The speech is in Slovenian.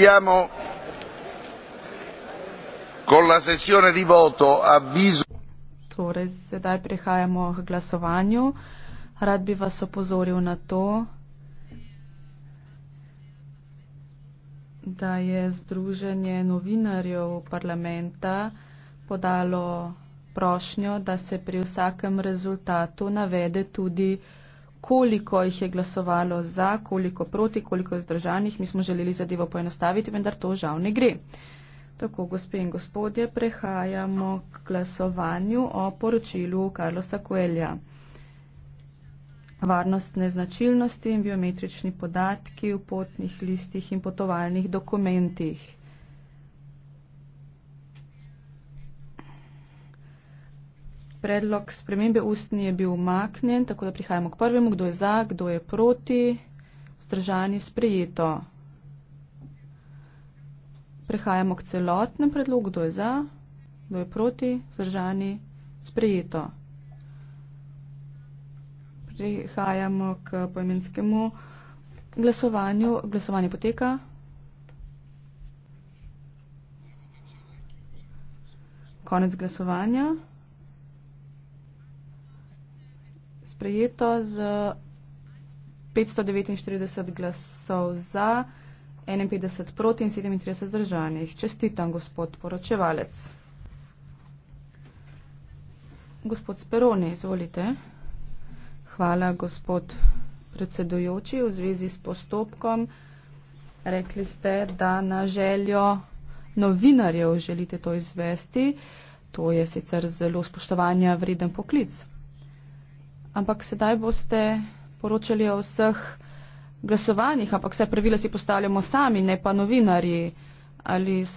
riprendiamo con la sessione di voto avviso. Torej, sedaj prihajamo k glasovanju. Rad bi vas opozoril na to, da je Združenje novinarjev parlamenta podalo prošnjo, da se pri vsakem rezultatu navede tudi koliko jih je glasovalo za, koliko proti, koliko je zdržanih. Mi smo želeli zadevo poenostaviti, vendar to žal ne gre. Tako, gospe in gospodje, prehajamo k glasovanju o poročilu Karlosa Koelja. Varnostne značilnosti in biometrični podatki v potnih listih in potovalnih dokumentih. Predlog spremembe ustni je bil umaknjen, tako da prihajamo k prvemu, kdo je za, kdo je proti. Vzdržani sprejeto. Prehajamo k celotnem predlogu, kdo je za, kdo je proti, vzdržani sprejeto. Prehajamo k poimenskemu glasovanju. Glasovanje poteka. Konec glasovanja. sprejeto z 549 glasov za, 51 proti in 37 zdržanih. Čestitam, gospod poročevalec. Gospod Speroni, izvolite. Hvala, gospod predsedujoči. V zvezi s postopkom rekli ste, da na željo novinarjev želite to izvesti. To je sicer zelo spoštovanja vreden poklic ampak sedaj boste poročali o vseh glasovanjih, ampak vse pravila si postavljamo sami, ne pa novinarji. Ali